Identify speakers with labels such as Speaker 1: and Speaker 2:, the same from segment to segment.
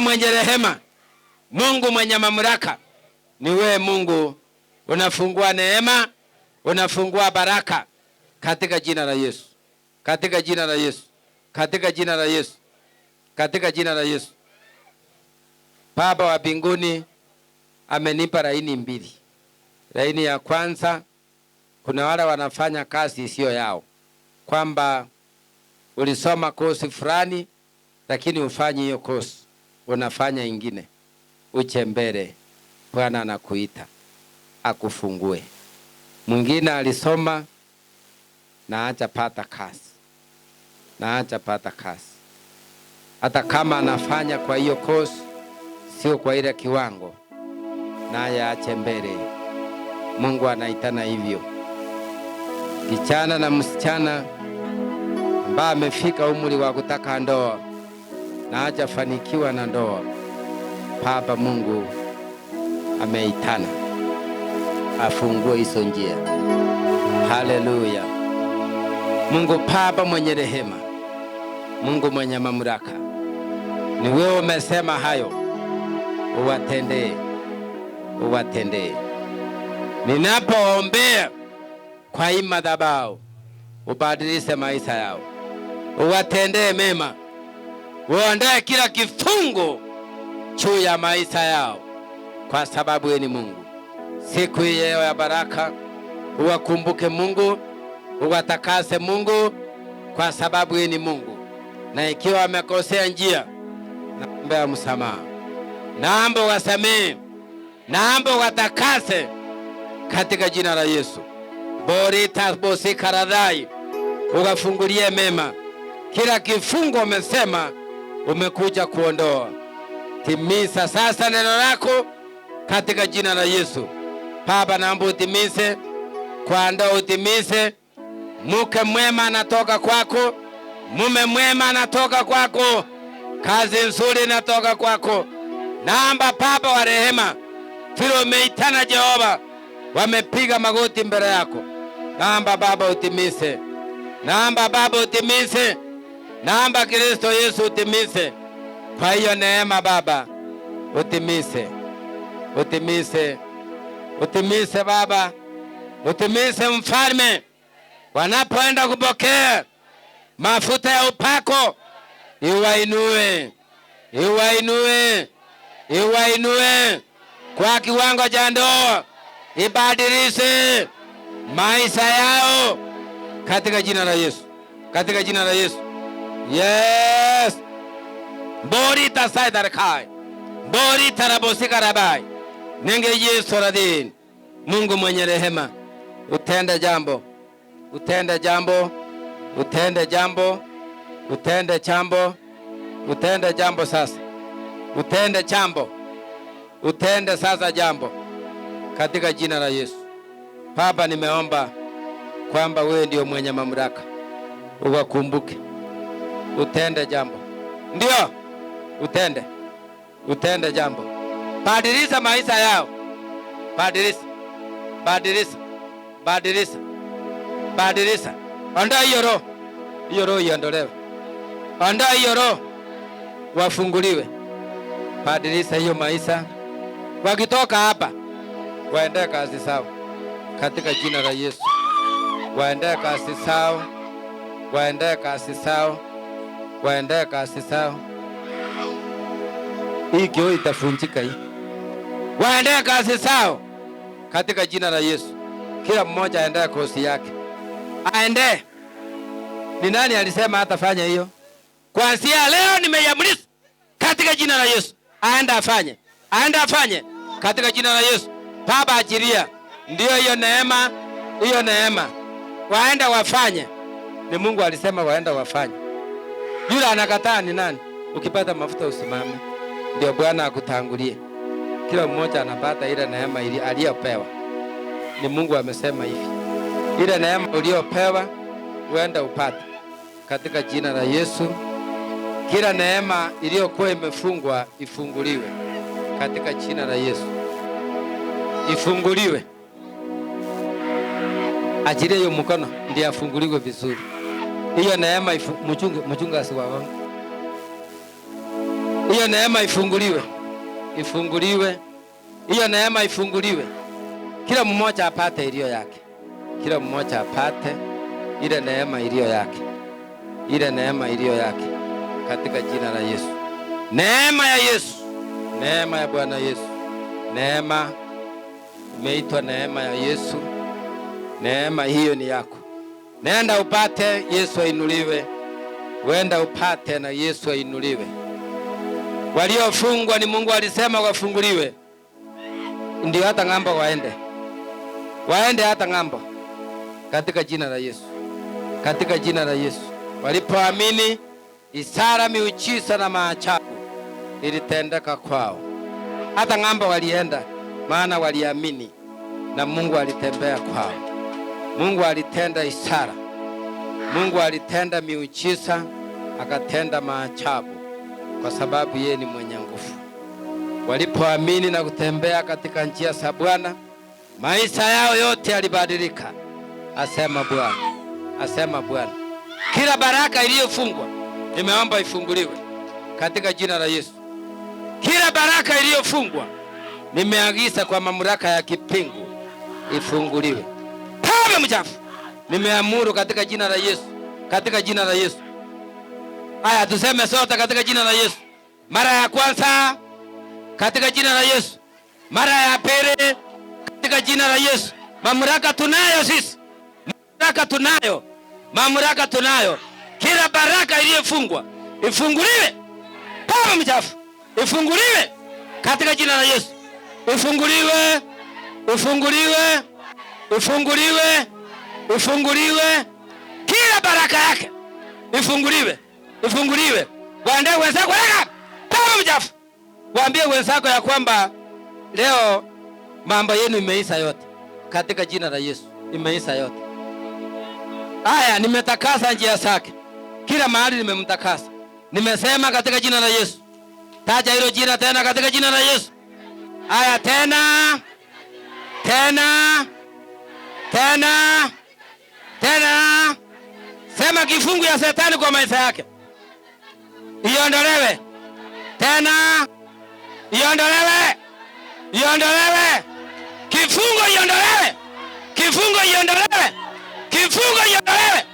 Speaker 1: Baba mwenye rehema, Mungu mwenye mamlaka, ni wewe Mungu unafungua neema, unafungua baraka katika jina la Yesu, katika jina la Yesu, katika jina la Yesu, katika jina la Yesu. Baba wa mbinguni amenipa laini mbili. Laini ya kwanza, kuna wale wanafanya kazi isiyo yao, kwamba ulisoma kosi fulani, lakini ufanye hiyo kosi unafanya ingine, uche mbele, Bwana anakuita akufungue. Mwingine alisoma na pata kazi, na acha pata kazi, hata kama anafanya kwa hiyo kosi, sio kwa ile kiwango, naye ache mbele. Mungu anaitana hivyo, kichana na msichana ambaye amefika umri wa kutaka ndoa na hajafanikiwa na ndoa, Baba Mungu ameitana afungue hizo njia. Haleluya! Mungu Baba mwenye rehema, Mungu mwenye mamlaka, ni wewe umesema hayo, uwatendee, uwatendee. ninapoombea kwa hii madhabahu, ubadilishe maisha yao, uwatendee mema waandaye kila kifungo juu ya maisha yao, kwa sababu yeye ni Mungu. Siku hiyo ya baraka uwakumbuke Mungu, uwatakase Mungu, kwa sababu yeye ni Mungu, na ikiwa amekosea njia, naomba msamaha, naomba wasamee, naomba watakase katika jina la Yesu. borita bosikaradhai karadhai mema kila kifungo, umesema umekuja kuondoa. Timiza sasa neno lako katika jina la Yesu. Baba, naomba utimize kwa ndoa, utimize. Mke mwema anatoka kwako, mume mwema anatoka kwako, kazi nzuri inatoka kwako. Naomba Baba wa rehema, vile umeitana Jehova, wamepiga magoti mbele yako, naomba Baba utimize, naomba Baba utimize Naomba Kristo Yesu utimise kwa hiyo neema Baba, utimise utimise utimise Baba, utimise Mfalme, wanapoenda kupokea mafuta ya upako, iwainue iwainue iwainue kwa kiwango cha ndoa, ibadilishe maisha yao katika jina la Yesu, katika jina la Yesu. Yes. Bori tasai darkai. Bori tarabosi karabai. Nenge Yesu radini. Mungu mwenye rehema. Utende jambo. Utende jambo. Utende jambo. Utende jambo. Utende jambo sasa. Utende jambo. Utende sasa jambo. Katika jina la Yesu. Baba, nimeomba kwamba wewe ndio mwenye mamlaka. Uwakumbuke utende jambo, ndio utende, utende jambo, badilisha maisha yao, badilisha, badilisha, badilisha, badilisha. Ondoa hiyo roho, hiyo roho iondolewe, ondoa hiyo roho, wafunguliwe, badilisha hiyo maisha. Wakitoka hapa, waende kazi sawa, katika jina la Yesu, waende kazi sawa, waende kazi sawa waendee kasi sao. Hii kioo itafunjika hii. Waendee kasi sao katika jina la Yesu. Kila mmoja aendee kosi yake, aendee. Ni nani alisema hatafanya hiyo? Kuanzia leo nimeiamrisha katika jina la Yesu, aende afanye, aende afanye katika jina la Yesu. Baba, achilia ndiyo hiyo neema, hiyo neema, waende wafanye. Ni Mungu alisema waende wafanye. Yule anakataa ni nani? Ukipata mafuta usimame, ndio Bwana akutangulie. Kila mmoja anapata ile neema ile aliyopewa, ni Mungu amesema hivi, ile neema uliyopewa uende upate katika jina la Yesu. Kila neema iliyokuwa imefungwa ifunguliwe katika jina la Yesu, ifunguliwe. Achilie hiyo mkono, ndiyo afunguliwe vizuri. Hiyo neema mchunge, mchunge asiwaone. Hiyo neema ifunguliwe, ifunguliwe. Hiyo neema ifunguliwe, kila mmoja apate iliyo yake, kila mmoja apate ile neema iliyo yake, ile neema iliyo yake, katika jina la Yesu. Neema ya Yesu, neema ya Bwana Yesu, neema imeitwa neema ya Yesu. Neema hiyo ni yako. Nenda upate Yesu ainuliwe, wenda upate na Yesu ainuliwe. Waliofungwa ni Mungu alisema wafunguliwe, ndio hata ng'ambo waende, waende hata ng'ambo, katika jina la Yesu, katika jina la Yesu. Walipoamini, isara, miujiza na maajabu ilitendeka kwao, hata ng'ambo walienda, maana waliamini na Mungu alitembea kwao. Mungu alitenda ishara, Mungu alitenda miujiza, akatenda maajabu, kwa sababu yeye ni mwenye nguvu. Walipoamini na kutembea katika njia za Bwana, maisha yao yote yalibadilika, asema Bwana, asema Bwana. Kila baraka iliyofungwa nimeomba ifunguliwe katika jina la Yesu. Kila baraka iliyofungwa nimeagiza kwa mamlaka ya kipingu ifunguliwe. Hakuna mchafu. Nimeamuru katika jina la Yesu, katika jina la Yesu. Haya, tuseme sote katika jina la Yesu. Mara ya kwanza katika jina la Yesu, mara ya pili katika jina la Yesu. Mamlaka tunayo sisi, mamlaka tunayo, mamlaka tunayo. Kila baraka iliyofungwa ifunguliwe, pama mchafu ifunguliwe katika jina la Yesu, ifunguliwe, ifunguliwe Ufunguliwe, ufunguliwe, kila baraka yake ifunguliwe, ifunguliwe. Waende wenzako kama mjafu, waambie wenzako ya kwamba leo mambo yenu imeisha yote, katika jina la Yesu imeisha yote. Haya, nimetakasa njia zake, kila mahali nimemtakasa. Nimesema katika jina la Yesu. Taja hilo jina tena katika jina la Yesu. Haya, tena tena tena tena, sema kifungu ya shetani kwa maisha yake iondolewe, tena iondolewe, iondolewe, kifungo iondolewe, kifungo iondolewe, kifungo iondolewe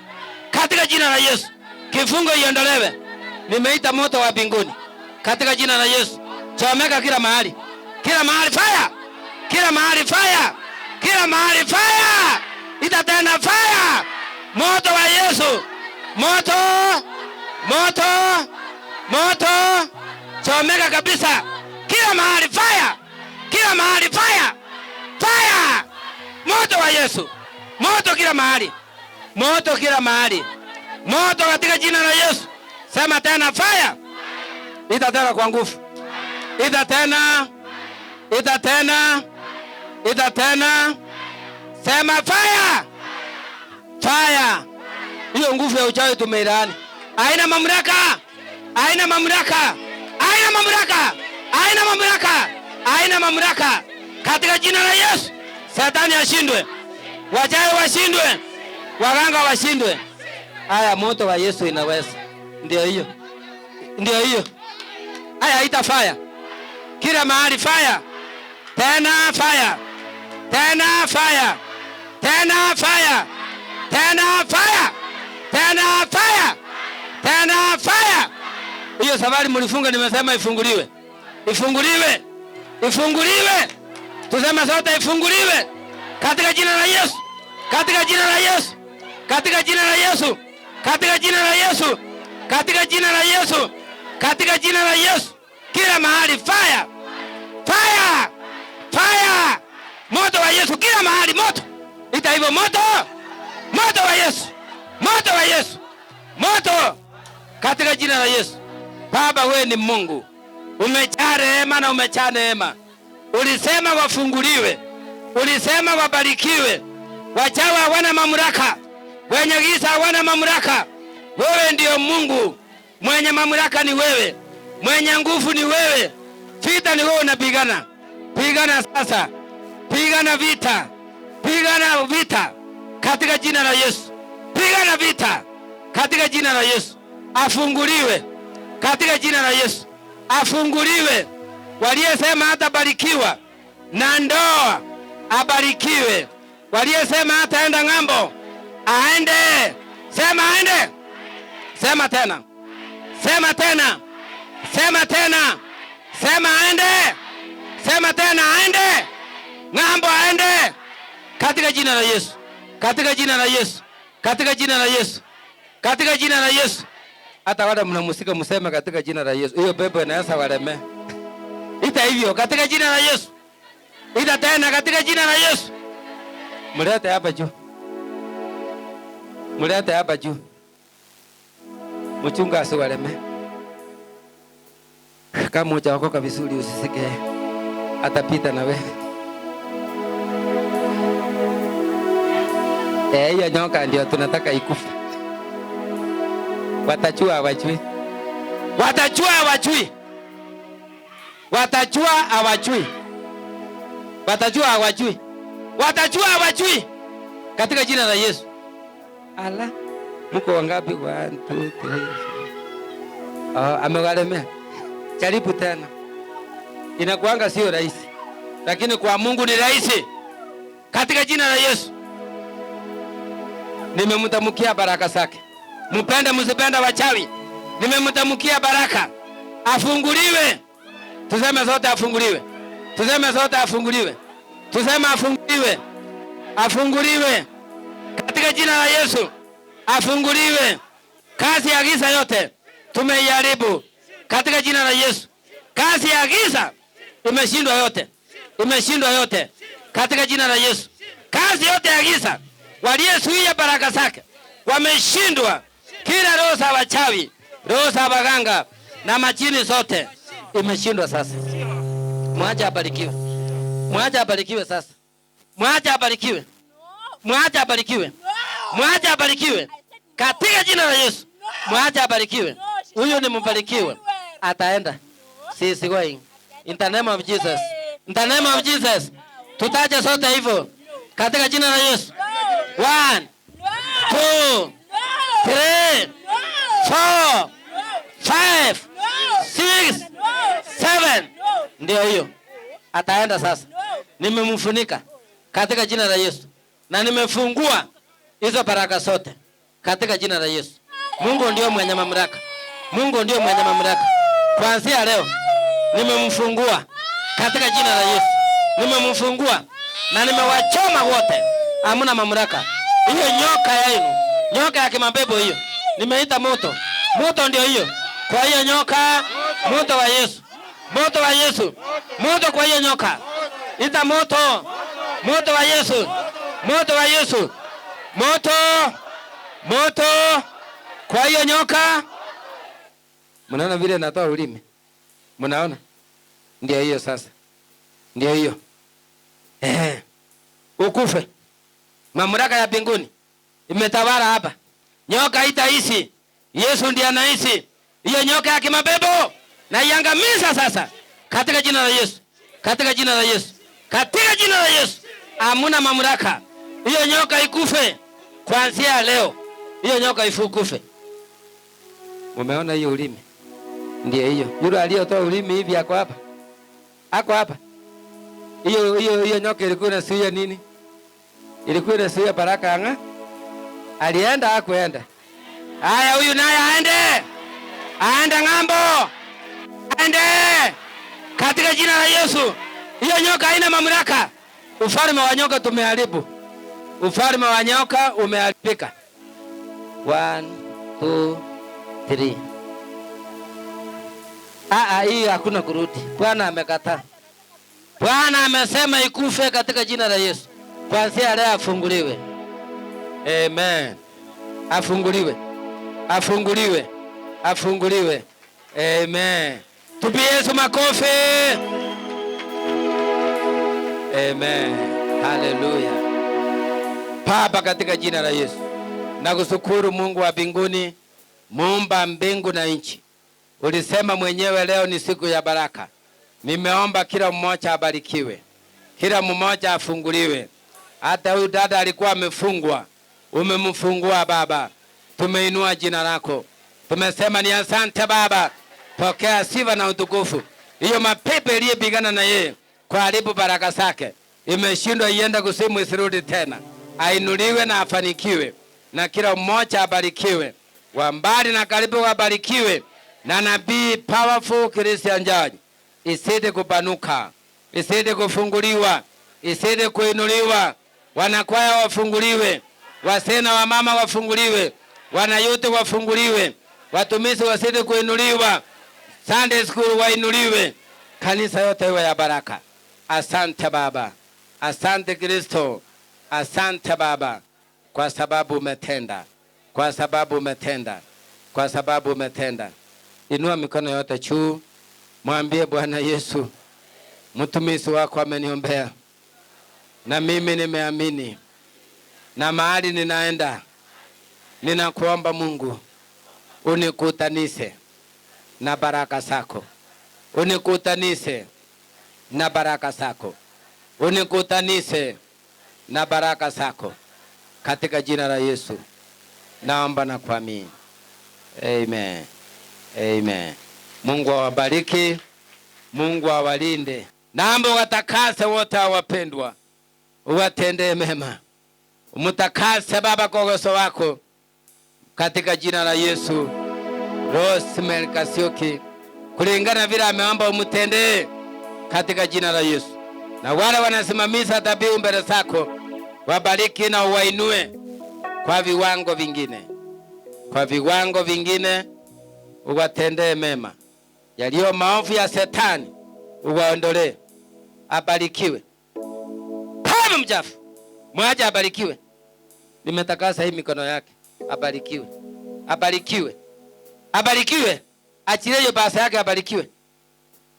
Speaker 1: katika jina la Yesu, kifungo iondolewe. Nimeita moto wa mbinguni katika jina la Yesu, chomeka kila mahali, kila mahali fire, kila mahali fire kila mahali. Faya itatenda faya, moto wa Yesu, moto moto moto, chomeka kabisa, kila mahali faya, kila mahali faya, faya, moto wa Yesu, moto kila mahali, moto kila mahali, moto katika jina la Yesu. Sema tena faya, tena kwa nguvu, ita tena. Ita tena, sema fire, fire. Hiyo nguvu ya uchawi tumeilaani, haina mamlaka, haina mamlaka, haina mamlaka, haina mamlaka, haina mamlaka katika jina la Yesu. Satani ashindwe, wachawi washindwe, waganga washindwe. Haya, moto wa Yesu inaweza. Ndio hiyo, ndio hiyo. Haya, ita fire kila mahali, fire tena, fire tena fire, tena fire, tena fire, tena fire, tena fire. Hiyo safari mlifunga, nimesema ifunguliwe, ifunguliwe, ifunguliwe. Tuseme sote ifunguliwe, katika jina la Yesu, katika jina la Yesu, katika jina la Yesu, katika jina la Yesu, katika jina la Yesu, katika jina la Yesu, kila mahali fire, fire Moto wa Yesu kila mahali, moto ita hivyo, moto moto wa Yesu, moto wa Yesu, moto katika jina la Yesu. Baba, we ni Mungu, umejaa rehema na umejaa neema. Ulisema wafunguliwe, ulisema wabarikiwe, wachawa hawana mamlaka, wenye giza hawana mamlaka. Wewe ndiyo Mungu mwenye mamlaka, ni wewe mwenye nguvu, ni wewe. Vita ni wewe unapigana, pigana sasa. Pigana vita, pigana vita katika jina la Yesu. Pigana vita katika jina la Yesu. Afunguliwe katika jina la Yesu, afunguliwe. Waliyesema hatabarikiwa na ndoa abarikiwe. Waliyesema hataenda ng'ambo aende. Sema aende. Sema tena, sema tena, sema tena, sema aende. Sema tena aende ng'ambo aende katika jina la Yesu, katika jina la Yesu, katika jina la Yesu, katika jina la Yesu. Hata wada mnamusika museme katika jina la Yesu, hiyo pepo inaweza waleme ita hivyo, katika jina la Yesu ita tena, katika jina la Yesu. Mulete hapa juu, mulete hapa juu, mchunga asiwaleme. Kama ujaokoka vizuri, usisike atapita na wewe. Eh, hiyo nyoka ndio tunataka ikufa. Watajua hawajui, watajua hawajui, watajua hawajui, watajua hawajui, watajua hawajui, katika jina la Yesu. Ala, mko wangapi? One, two, three. Oh, amewalemea. Jaribu tena, inakuanga sio rahisi, lakini kwa Mungu ni rahisi, katika jina la Yesu nimemtamkia baraka zake. Mpende msipende wachawi, nimemtamkia baraka, afunguliwe. Tuseme zote afunguliwe, tuseme zote afunguliwe, tuseme afunguliwe, afunguliwe katika jina la Yesu, afunguliwe. Kazi ya giza yote tumeiharibu katika jina la Yesu. Kazi ya giza imeshindwa yote, imeshindwa yote katika jina la Yesu. Kazi yote ya giza waliyesuia baraka zake wameshindwa, kila roho za wachawi, roho za waganga na majini zote imeshindwa sasa. mwacha abarikiwe, mwacha abarikiwe sasa, mwacha abarikiwe, mwacha abarikiwe, mwacha abarikiwe katika jina la Yesu, Mwacha abarikiwe. Huyu ni mbarikiwe, ataenda sisi going in the name of Jesus, in the name of Jesus, tutaje sote hivyo katika jina la Yesu. One, two, three, four, five, six, seven. Ndio hiyo ataenda sasa. Nimemfunika katika jina la Yesu na nimefungua hizo baraka zote katika jina la Yesu. Mungu ndio mwenye mamlaka, Mungu ndio mwenye mamlaka. Kuanzia leo nimemfungua katika jina la Yesu, nimemfungua na nimewachoma wote hamna mamlaka. Hiyo nyoka yenu, nyoka ya kimabebo hiyo. Nimeita moto. Moto ndio hiyo. Kwa hiyo nyoka, moto wa Yesu. Moto wa Yesu. Moto kwa hiyo nyoka. Ita moto. Moto wa Yesu. Moto wa Yesu. Moto. Moto. Kwa hiyo nyoka. Mnaona vile natoa ulimi. Mnaona? Ndio hiyo sasa. Ndio hiyo. Eh. Ukufe. Mamlaka ya mbinguni imetawala hapa. Nyoka itaishi, Yesu ndiye anaishi. Hiyo nyoka ya kimabebo na iangamiza sasa katika jina la Yesu. Katika jina la Yesu. Katika jina la Yesu. Amuna mamlaka. Hiyo nyoka ikufe kuanzia leo. Hiyo nyoka ifukufe. Umeona hiyo ulimi? Ndiyo hiyo. Yule aliyotoa ulimi hivi ako hapa. Ako hapa. Hiyo hiyo hiyo nyoka ilikuwa na siyo nini? Ilikuwa inasiia Baraka anga alienda hakuenda. Haya, huyu naye aende, aende ng'ambo, aende katika jina la Yesu. Hiyo nyoka haina mamlaka. Ufalme wa nyoka tumeharibu, ufalme wa nyoka umeharibika. 1 2 3 Aa, hii hakuna kurudi. Bwana amekataa. Bwana amesema ikufe katika jina la Yesu. Kuanzia leo afunguliwe. Amen. Afunguliwe. Afunguliwe. Afunguliwe. Amen. Tupi Yesu makofi. Amen. Haleluya. Baba, katika jina la Yesu nakushukuru Mungu wa mbinguni, muumba mbingu na nchi. Ulisema mwenyewe leo ni siku ya baraka. Nimeomba kila mmoja abarikiwe, kila mmoja afunguliwe hata huyu dada alikuwa amefungwa, umemfungua Baba. Tumeinua jina lako, tumesema ni asante Baba, pokea sifa na utukufu. Hiyo mapepe iliyepigana na yeye kwa alipo baraka zake imeshindwa, iende kusimu, isirudi tena. Ainuliwe na afanikiwe, na kila mmoja abarikiwe, wa mbali na karibu wabarikiwe, na nabii powerful Christian Njaji isidi kupanuka, isidi kufunguliwa, isidi kuinuliwa wanakwaya wafunguliwe, wasena wamama wafunguliwe, wanayute wafunguliwe, watumishi wasidi kuinuliwa, Sunday school wainuliwe, kanisa yote iwe ya baraka. Asante Baba, asante Kristo, asante Baba kwa sababu umetenda, kwa sababu umetenda, kwa sababu umetenda. Inua mikono yote juu, mwambie Bwana Yesu, mtumishi wako ameniombea na mimi nimeamini, na mahali ninaenda, ninakuomba Mungu unikutanise na baraka zako, unikutanise na baraka zako, unikutanise na baraka zako, katika jina la Yesu naomba na kuamini, amen, amen. Mungu awabariki, Mungu awalinde, naomba watakase wote awapendwa uwatendee mema, umutakase Baba kogoso wako, katika jina la Yesu. Rosemary Kasioki kulingana vile ameomba umutendee katika jina la Yesu, na wale wanasimamisa dhabihu mbele zako wabariki na uwainue kwa viwango vingine, kwa viwango vingine uwatendee mema, yaliyo maovu ya Setani uwaondolee, abarikiwe mchafu, mwache abarikiwe. Nimetakasa hii mikono yake, abarikiwe, abarikiwe, abarikiwe, achile hiyo baasa yake, abarikiwe,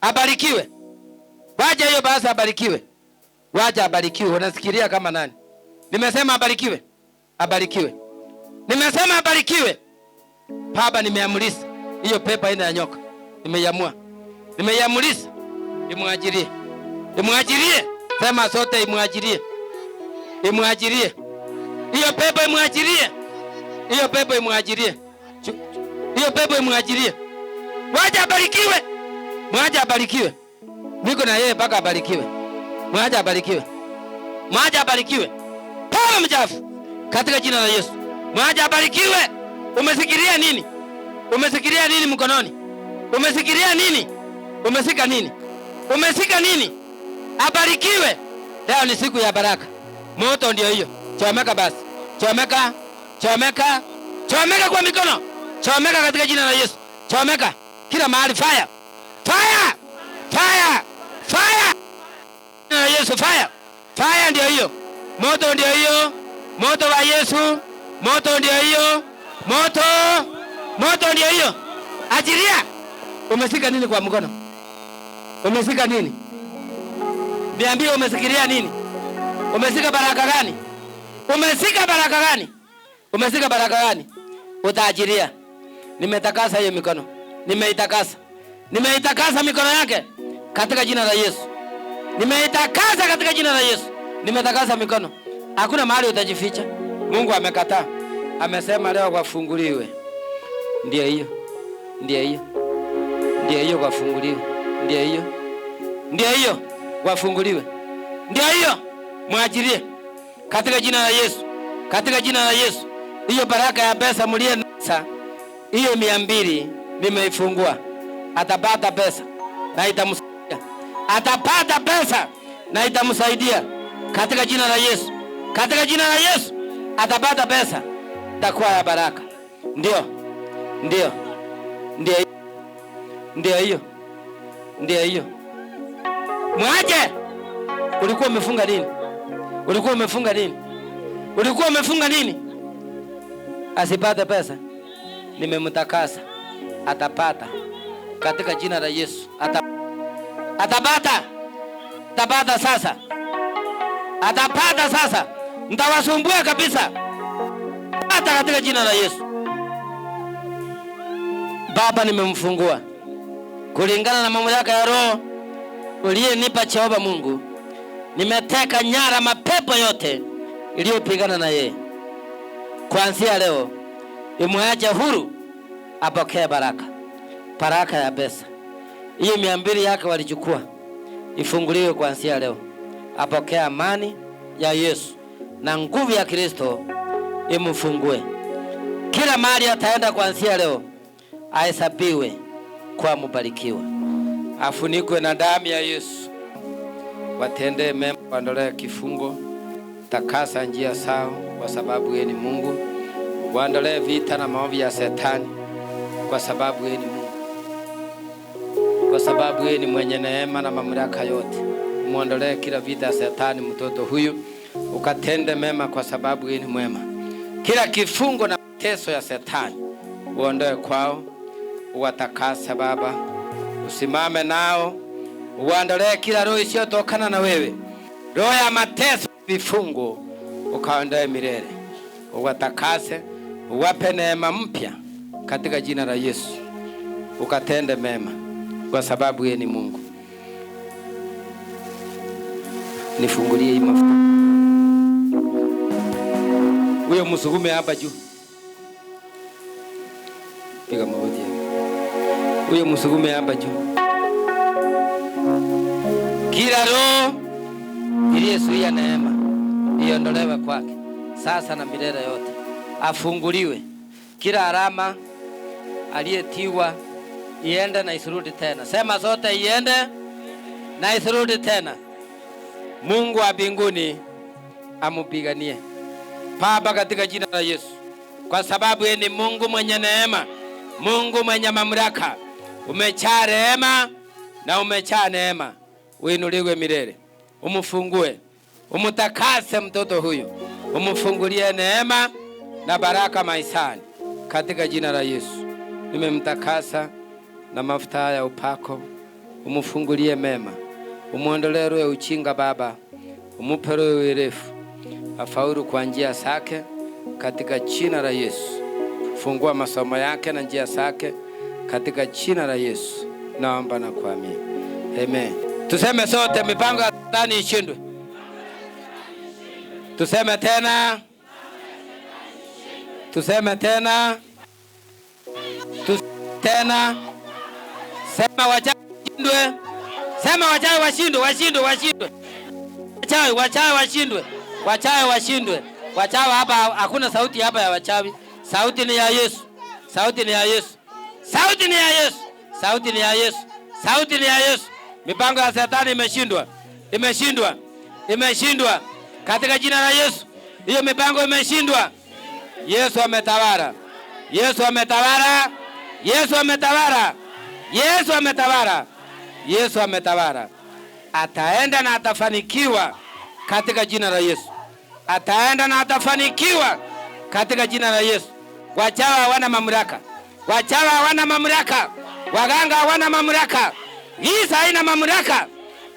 Speaker 1: abarikiwe, wacha hiyo baasa abarikiwe, wacha abarikiwe. unasikiria kama nani? Nimesema abarikiwe, abarikiwe, nimesema abarikiwe. Baba, nimeamrisha hiyo pepa ina ya nyoka, nimeiamua, nimeiamrisha imwajirie, imwajirie, sema sote imwajirie imwajirie hiyo pepo, imwajirie hiyo pepo, imwajirie hiyo pepo, imwajirie. mwaja abarikiwe, mwaja abarikiwe, niko na yeye mpaka abarikiwe. mwaja abarikiwe, mwaja abarikiwe, pepo mchafu katika jina la Yesu. mwaja abarikiwe. Umesikiria nini? Umesikiria nini mkononi? Umesikiria nini? Umesika nini? Umesika nini? Abarikiwe. Leo ni siku ya baraka. Moto ndio hiyo. Chomeka basi, chomeka, chomeka, chomeka kwa mikono, chomeka katika jina la Yesu, chomeka kila mahali. Fire, fire, fire, fire, na Yesu, fire, fire ndio hiyo. Moto ndio hiyo, moto wa Yesu, moto ndio hiyo, moto, moto ndio hiyo. Ajiria, umesika nini kwa mkono? Umesika nini? Niambie, umesikilia nini? Umesika baraka gani? Umesika baraka gani? Umesika baraka gani? Utaajiria. Nimetakasa hiyo mikono. Nimeitakasa. Nimeitakasa mikono yake katika jina la Yesu. Nimeitakasa katika jina la Yesu. Nimetakasa mikono. Hakuna mahali utajificha. Mungu amekataa. Amesema leo kwafunguliwe. Ndio hiyo. Ndio hiyo. Ndio hiyo kwafunguliwe. Ndio hiyo. Ndio hiyo kwafunguliwe. Ndio hiyo mwajirie katika jina la Yesu, katika jina la Yesu. Hiyo baraka ya pesa mlie nasa, hiyo mia mbili nimeifungua, atapata pesa na itamsaidia, atapata pesa na itamsaidia katika jina la Yesu, katika jina la Yesu atapata pesa, takuwa ya baraka. Ndio, ndio, ndio, ndio hiyo, ndio hiyo. Mwaje, ulikuwa umefunga nini? Ulikuwa umefunga nini? Ulikuwa umefunga nini? Asipate pesa, nimemtakasa atapata, katika jina la Yesu atapata, atapata sasa, atapata sasa, mtawasumbua kabisa, pata katika jina la Yesu. Baba, nimemfungua kulingana na mamlaka ya Roho uliyenipa Jehova Mungu Nimeteka nyara mapepo yote iliyopigana na yeye. Kuanzia leo imwache huru, apokee baraka, baraka ya pesa. Hiyo mia mbili yake walichukua, ifunguliwe kuanzia leo, apokee amani ya Yesu na nguvu ya Kristo imfungue. Kila mali ataenda kuanzia leo, ahesabiwe kwa mubarikiwa afunikwe na damu ya Yesu watendee mema, waondolee kifungo, takasa njia zao, kwa sababu yeye ni Mungu. Waondolee vita na maovu ya Shetani, kwa sababu yeye ni Mungu, kwa sababu yeye ni mwenye neema na mamlaka yote. Muondolee kila vita ya Shetani mtoto huyu, ukatende mema, kwa sababu yeye ni mwema. Kila kifungo na mateso ya Shetani uondoe kwao, uwatakasa Baba, usimame nao uandalee kila roho isiyotokana na wewe, roho ya mateso, vifungo, ukaondoe milele, uwatakase, uwape neema mpya katika jina la Yesu, ukatende mema, kwa sababu yeye ni Mungu. Nifungulie hii mafuta. Huyo msukume hapa juu, piga magoti. Huyo msukume hapa juu. Kila roho iliyezuia neema iondolewe kwake sasa na milele yote, afunguliwe. Kila alama aliyetiwa iende na isurudi tena. Sema zote iende na isurudi tena. Mungu wa mbinguni amupiganie Baba, katika jina la Yesu, kwa sababu yeye ni Mungu mwenye neema, Mungu mwenye mamlaka. Umechaa rehema na umechaa neema uinuliwe milele. Umufungue, umutakase mtoto huyu, umufungulie neema na baraka maishani, katika jina la Yesu. Nimemtakasa na mafuta ya upako, umufungulie mema, umuondolee uchinga Baba, umupe roho ya afaulu kwa njia zake, katika jina la Yesu. Fungua masomo yake na njia zake, katika jina la Yesu naomba na kuamini, amen. Tuseme sote, mipango ya shetani ishindwe. Tuseme tena, tuseme tena, tuseme tena. Sema wachawi washindwe, sema wachawi washindwe, washindwe, washindwe, wachawi, wachawi washindwe, wachawi washindwe, wachawi. Hapa hakuna sauti hapa ya wachawi, sauti ni ya Yesu, sauti ni ya Yesu, sauti ni ya Yesu, sauti ni ya Yesu, sauti ni ya Yesu. Mipango ya Shetani imeshindwa, imeshindwa, imeshindwa katika jina la Yesu. Hiyo mipango imeshindwa. Yesu ametawala, Yesu ametawala, Yesu ametawala, Yesu ametawala, Yesu ametawala. Ataenda na atafanikiwa katika jina la Yesu, ataenda na atafanikiwa katika jina la Yesu. Wachawa hawana mamlaka, wachawa hawana mamlaka, waganga hawana mamlaka. Isa haina mamlaka,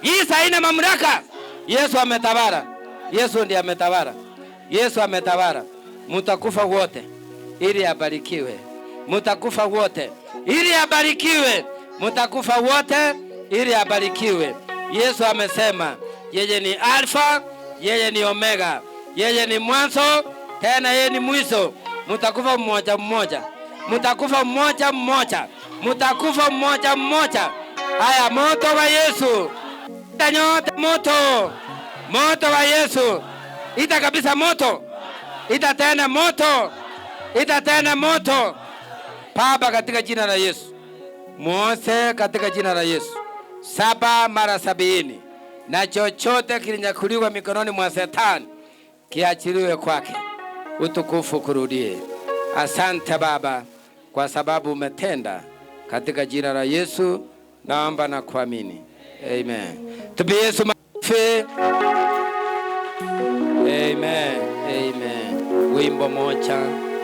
Speaker 1: Isa haina mamlaka. Yesu ametawala, Yesu ndiye ametawala, Yesu ametawala. Mutakufa wote ili abarikiwe, mutakufa wote ili abarikiwe, mutakufa wote ili abarikiwe. Yesu amesema yeye ni Alfa, yeye ni Omega, yeye ni mwanzo tena yeye ni mwisho. Mutakufa mmoja mmoja, mutakufa mmoja mmoja, mutakufa mmoja mmoja. Haya, moto wa Yesu nyote moto moto wa Yesu ita kabisa, moto ita tena, moto ita tena, moto Baba, katika jina la Yesu mwose, katika jina la Yesu saba mara sabini, na chochote kilinyakuliwa mikononi mwa Shetani kiachiliwe kwake, utukufu kurudie. Asante Baba kwa sababu umetenda, katika jina la Yesu naomba na kuamini Amen. Tupie Yesu mafi. Amen. Amen. Wimbo moja